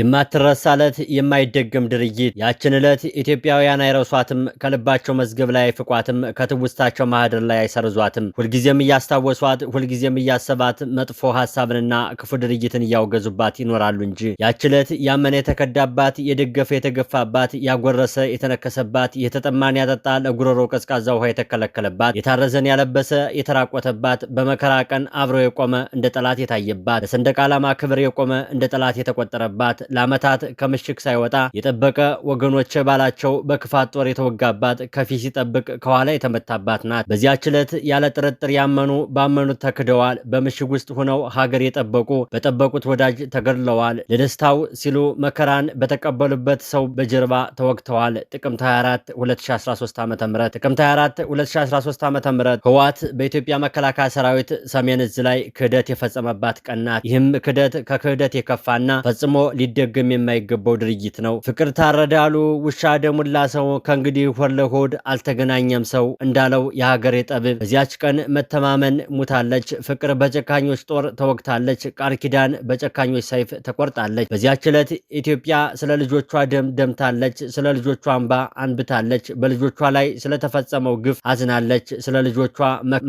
የማትረሳ ዕለት የማይደገም ድርጊት። ያችን ዕለት ኢትዮጵያውያን አይረሷትም፣ ከልባቸው መዝገብ ላይ አይፍቋትም፣ ከትውስታቸው ማህደር ላይ አይሰርዟትም። ሁልጊዜም እያስታወሷት፣ ሁልጊዜም እያሰባት፣ መጥፎ ሀሳብንና ክፉ ድርጊትን እያወገዙባት ይኖራሉ እንጂ ያች ዕለት ያመነ የተከዳባት፣ የደገፈ የተገፋባት፣ ያጎረሰ የተነከሰባት፣ የተጠማን ያጠጣ፣ ለጉሮሮ ቀዝቃዛ ውሃ የተከለከለባት፣ የታረዘን ያለበሰ የተራቆተባት፣ በመከራ ቀን አብሮ የቆመ እንደ ጠላት የታየባት፣ ለሰንደቅ ዓላማ ክብር የቆመ እንደ ጠላት የተቆጠረባት ለዓመታት ከምሽግ ሳይወጣ የጠበቀ ወገኖች ባላቸው በክፋት ጦር የተወጋባት ከፊት ሲጠብቅ ከኋላ የተመታባት ናት። በዚያች ዕለት ያለ ጥርጥር ያመኑ ባመኑት ተክደዋል። በምሽግ ውስጥ ሆነው ሀገር የጠበቁ በጠበቁት ወዳጅ ተገድለዋል። ለደስታው ሲሉ መከራን በተቀበሉበት ሰው በጀርባ ተወግተዋል። ጥቅምት 24 2013 ዓ ም ጥቅምት 24 2013 ዓ ም ህወሓት በኢትዮጵያ መከላከያ ሰራዊት ሰሜን እዝ ላይ ክህደት የፈጸመባት ቀናት። ይህም ክህደት ከክህደት የከፋና ፈጽሞ ሊደ ሊደገም የማይገባው ድርጊት ነው። ፍቅር ታረደ አሉ ውሻ ደሙላ ሰው ከእንግዲህ ሆድ ለሆድ አልተገናኘም ሰው እንዳለው የሀገሬ ጠብብ በዚያች ቀን መተማመን ሙታለች፣ ፍቅር በጨካኞች ጦር ተወግታለች፣ ቃል ኪዳን በጨካኞች ሰይፍ ተቆርጣለች። በዚያች ዕለት ኢትዮጵያ ስለ ልጆቿ ደም ደምታለች፣ ስለ ልጆቿ እንባ አንብታለች፣ በልጆቿ ላይ ስለተፈጸመው ግፍ አዝናለች፣ ስለ ልጆቿ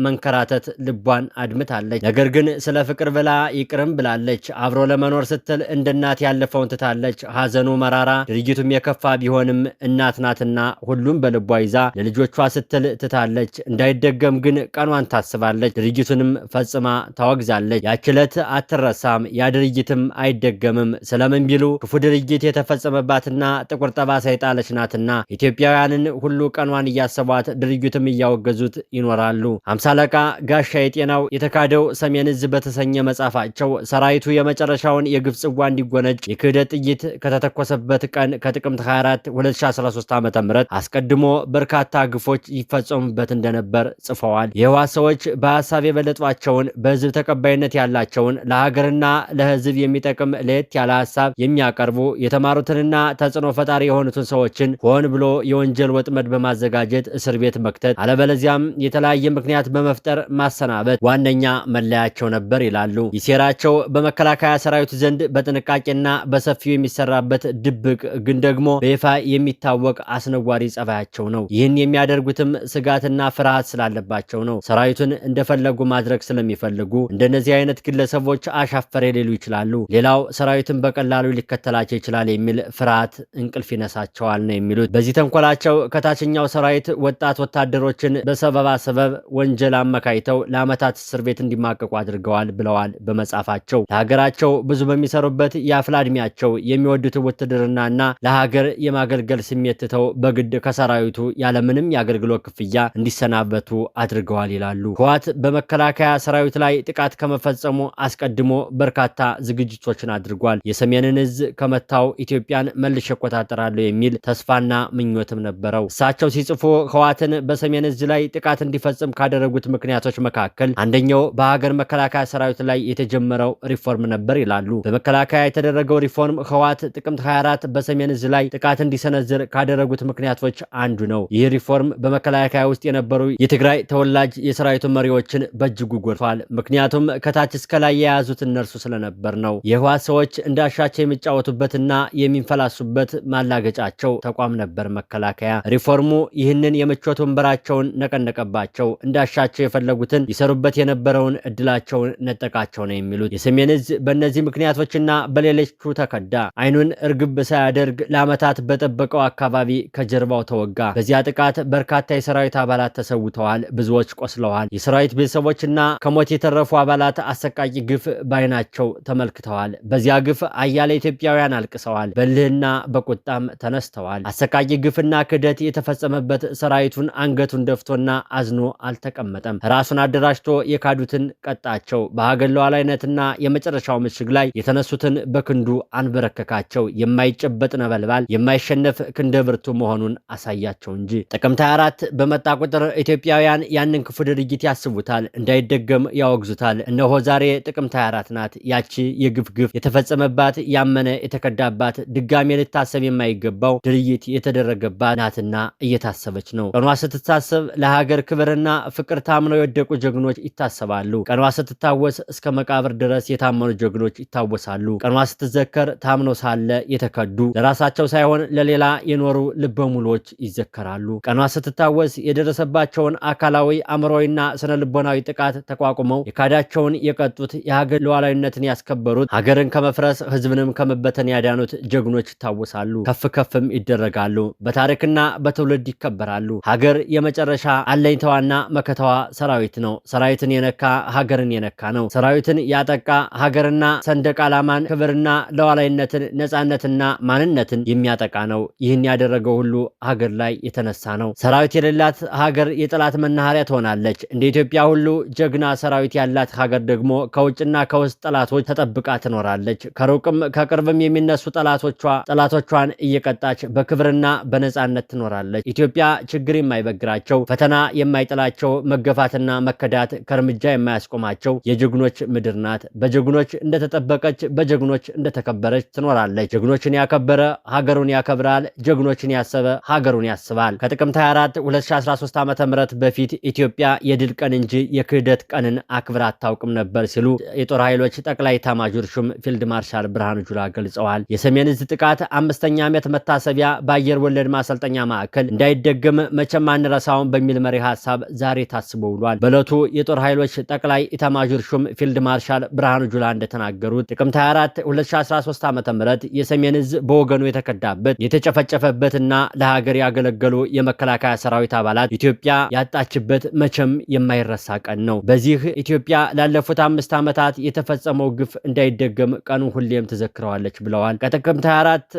መንከራተት ልቧን አድምታለች። ነገር ግን ስለ ፍቅር ብላ ይቅርም ብላለች። አብሮ ለመኖር ስትል እንደ እናት ያለ ያለፈውን ትታለች። ሐዘኑ መራራ፣ ድርጊቱም የከፋ ቢሆንም እናት ናትና ሁሉም በልቧ ይዛ ለልጆቿ ስትል ትታለች። እንዳይደገም ግን ቀኗን ታስባለች። ድርጊቱንም ፈጽማ ታወግዛለች። ያች ዕለት አትረሳም፣ ያ ድርጊትም አይደገምም። ስለምን ቢሉ ክፉ ድርጊት የተፈጸመባትና ጥቁር ጠባሳ የጣለች ናትና ኢትዮጵያውያንን ሁሉ ቀኗን እያሰቧት ድርጊቱም እያወገዙት ይኖራሉ። አምሳ አለቃ ጋሻ የጤናው የተካደው ሰሜን እዝ በተሰኘ መጽሐፋቸው ሰራዊቱ የመጨረሻውን የግፍ ጽዋ እንዲጎነጭ የክህደት ጥይት ከተተኮሰበት ቀን ከጥቅምት 24 2013 ዓ ም አስቀድሞ በርካታ ግፎች ይፈጸሙበት እንደነበር ጽፈዋል። የህወሓት ሰዎች በሀሳብ የበለጧቸውን በህዝብ ተቀባይነት ያላቸውን ለሀገርና ለህዝብ የሚጠቅም ለየት ያለ ሀሳብ የሚያቀርቡ የተማሩትንና ተጽዕኖ ፈጣሪ የሆኑትን ሰዎችን ሆን ብሎ የወንጀል ወጥመድ በማዘጋጀት እስር ቤት መክተት፣ አለበለዚያም የተለያየ ምክንያት በመፍጠር ማሰናበት ዋነኛ መለያቸው ነበር ይላሉ። ይሴራቸው በመከላከያ ሰራዊት ዘንድ በጥንቃቄና በሰፊው የሚሰራበት ድብቅ ግን ደግሞ በይፋ የሚታወቅ አስነዋሪ ጸባያቸው ነው። ይህን የሚያደርጉትም ስጋትና ፍርሃት ስላለባቸው ነው። ሰራዊቱን እንደፈለጉ ማድረግ ስለሚፈልጉ እንደነዚህ አይነት ግለሰቦች አሻፈሬ ሊሉ ይችላሉ። ሌላው ሰራዊትን በቀላሉ ሊከተላቸው ይችላል የሚል ፍርሃት እንቅልፍ ይነሳቸዋል ነው የሚሉት። በዚህ ተንኮላቸው ከታችኛው ሰራዊት ወጣት ወታደሮችን በሰበባ ሰበብ ወንጀል አመካይተው ለዓመታት እስር ቤት እንዲማቀቁ አድርገዋል ብለዋል በመጻፋቸው ለሀገራቸው ብዙ በሚሰሩበት የአፍላ ዕድሜ በዕድሜያቸው የሚወዱት ውትድርናና ለሀገር የማገልገል ስሜት ትተው በግድ ከሰራዊቱ ያለምንም የአገልግሎት ክፍያ እንዲሰናበቱ አድርገዋል ይላሉ። ህወሓት በመከላከያ ሰራዊት ላይ ጥቃት ከመፈጸሙ አስቀድሞ በርካታ ዝግጅቶችን አድርጓል። የሰሜንን እዝ ከመታው ኢትዮጵያን መልሼ እቆጣጠራለሁ የሚል ተስፋና ምኞትም ነበረው። እሳቸው ሲጽፉ ህወሓትን በሰሜን እዝ ላይ ጥቃት እንዲፈጽም ካደረጉት ምክንያቶች መካከል አንደኛው በሀገር መከላከያ ሰራዊት ላይ የተጀመረው ሪፎርም ነበር ይላሉ። በመከላከያ የተደረገው ሪፎርም ህዋት ጥቅምት 24 በሰሜን እዝ ላይ ጥቃት እንዲሰነዝር ካደረጉት ምክንያቶች አንዱ ነው። ይህ ሪፎርም በመከላከያ ውስጥ የነበሩ የትግራይ ተወላጅ የሰራዊቱ መሪዎችን በእጅጉ ጎድቷል። ምክንያቱም ከታች እስከ ላይ የያዙት እነርሱ ስለነበር ነው። የህዋት ሰዎች እንዳሻቸው የሚጫወቱበትና የሚንፈላሱበት ማላገጫቸው ተቋም ነበር መከላከያ። ሪፎርሙ ይህንን የምቾት ወንበራቸውን ነቀነቀባቸው። እንዳሻቸው የፈለጉትን ይሰሩበት የነበረውን እድላቸውን ነጠቃቸው ነው የሚሉት የሰሜን እዝ በእነዚህ ምክንያቶችና በሌሎቹ ተከዳ። አይኑን እርግብ ሳያደርግ ለዓመታት በጠበቀው አካባቢ ከጀርባው ተወጋ። በዚያ ጥቃት በርካታ የሰራዊት አባላት ተሰውተዋል፣ ብዙዎች ቆስለዋል። የሰራዊት ቤተሰቦችና ከሞት የተረፉ አባላት አሰቃቂ ግፍ በአይናቸው ተመልክተዋል። በዚያ ግፍ አያሌ ኢትዮጵያውያን አልቅሰዋል፣ በልህና በቁጣም ተነስተዋል። አሰቃቂ ግፍና ክህደት የተፈጸመበት ሰራዊቱን አንገቱን ደፍቶና አዝኖ አልተቀመጠም። ራሱን አደራጅቶ የካዱትን ቀጣቸው። በሀገር ሉዓላዊነትና የመጨረሻው ምሽግ ላይ የተነሱትን በክንዱ አንበረከካቸው። የማይጨበጥ ነበልባል፣ የማይሸነፍ ክንደ ብርቱ መሆኑን አሳያቸው እንጂ። ጥቅምት 24 በመጣ ቁጥር ኢትዮጵያውያን ያንን ክፉ ድርጊት ያስቡታል፣ እንዳይደገም ያወግዙታል። እነሆ ዛሬ ጥቅምት 24 ናት። ያቺ የግፍ ግፍ የተፈጸመባት ያመነ የተከዳባት ድጋሜ ልታሰብ የማይገባው ድርጊት የተደረገባት ናትና እየታሰበች ነው። ቀኗ ስትታሰብ ለሀገር ክብርና ፍቅር ታምነው የወደቁ ጀግኖች ይታሰባሉ። ቀኗ ስትታወስ እስከ መቃብር ድረስ የታመኑ ጀግኖች ይታወሳሉ። ቀኗ ስትዘከ ሲዘከር ታምኖ ሳለ የተከዱ ለራሳቸው ሳይሆን ለሌላ የኖሩ ልበሙሎች ይዘከራሉ። ቀኗ ስትታወስ የደረሰባቸውን አካላዊ አእምሮዊና ስነ ልቦናዊ ጥቃት ተቋቁመው የካዳቸውን የቀጡት የሀገር ሉዓላዊነትን ያስከበሩት ሀገርን ከመፍረስ ህዝብንም ከመበተን ያዳኑት ጀግኖች ይታወሳሉ፣ ከፍ ከፍም ይደረጋሉ፣ በታሪክና በትውልድ ይከበራሉ። ሀገር የመጨረሻ አለኝተዋና መከተዋ ሰራዊት ነው። ሰራዊትን የነካ ሀገርን የነካ ነው። ሰራዊትን ያጠቃ ሀገርና ሰንደቅ ዓላማን ክብርና ሉዓላዊነትን፣ ነፃነትና ማንነትን የሚያጠቃ ነው። ይህን ያደረገው ሁሉ ሀገር ላይ የተነሳ ነው። ሰራዊት የሌላት ሀገር የጠላት መናኸሪያ ትሆናለች። እንደ ኢትዮጵያ ሁሉ ጀግና ሰራዊት ያላት ሀገር ደግሞ ከውጭና ከውስጥ ጠላቶች ተጠብቃ ትኖራለች። ከሩቅም ከቅርብም የሚነሱ ጠላቶቿ ጠላቶቿን እየቀጣች በክብርና በነፃነት ትኖራለች። ኢትዮጵያ ችግር የማይበግራቸው ፈተና የማይጥላቸው መገፋትና መከዳት ከእርምጃ የማያስቆማቸው የጀግኖች ምድር ናት። በጀግኖች እንደተጠበቀች በጀግኖች እንደተከ እያከበረች ትኖራለች። ጀግኖችን ያከበረ ሀገሩን ያከብራል። ጀግኖችን ያሰበ ሀገሩን ያስባል። ከጥቅምት 24 2013 ዓ ም በፊት ኢትዮጵያ የድል ቀን እንጂ የክህደት ቀንን አክብራ አታውቅም ነበር ሲሉ የጦር ኃይሎች ጠቅላይ ኤታማዦር ሹም ፊልድ ማርሻል ብርሃኑ ጁላ ገልጸዋል። የሰሜን እዝ ጥቃት አምስተኛ ዓመት መታሰቢያ በአየር ወለድ ማሰልጠኛ ማዕከል እንዳይደገም መቼም አንረሳውን በሚል መሪ ሀሳብ ዛሬ ታስቦ ውሏል። በዕለቱ የጦር ኃይሎች ጠቅላይ ኢታማዦር ሹም ፊልድ ማርሻል ብርሃኑ ጁላ እንደተናገሩት ጥቅምት 24 2013 ዓ ም የሰሜን እዝ በወገኑ የተከዳበት የተጨፈጨፈበትና ለሀገር ያገለገሉ የመከላከያ ሰራዊት አባላት ኢትዮጵያ ያጣችበት መቼም የማይረሳ ቀን ነው። በዚህ ኢትዮጵያ ላለፉት አምስት ዓመታት የተፈጸመው ግፍ እንዳይደገም ቀኑ ሁሌም ትዘክረዋለች ብለዋል። ከጥቅምት 24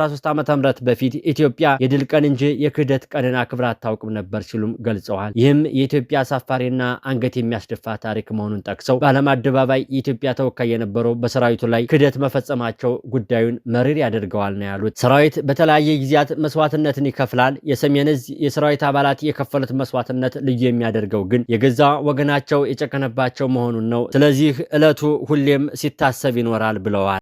2013 ዓ ም በፊት ኢትዮጵያ የድል ቀን እንጂ የክህደት ቀንን አክብራ አታውቅም ነበር ሲሉም ገልጸዋል። ይህም የኢትዮጵያ አሳፋሪና አንገት የሚያስደፋ ታሪክ መሆኑን ጠቅሰው በዓለም አደባባይ የኢትዮጵያ ተወካይ የነበረው በሰራዊቱ ላይ ክህደት መፈጸም መፈጸማቸው ጉዳዩን መሪር ያደርገዋል ነው ያሉት። ሰራዊት በተለያየ ጊዜያት መስዋዕትነትን ይከፍላል። የሰሜን እዝ የሰራዊት አባላት የከፈሉት መስዋዕትነት ልዩ የሚያደርገው ግን የገዛ ወገናቸው የጨከነባቸው መሆኑን ነው። ስለዚህ ዕለቱ ሁሌም ሲታሰብ ይኖራል ብለዋል።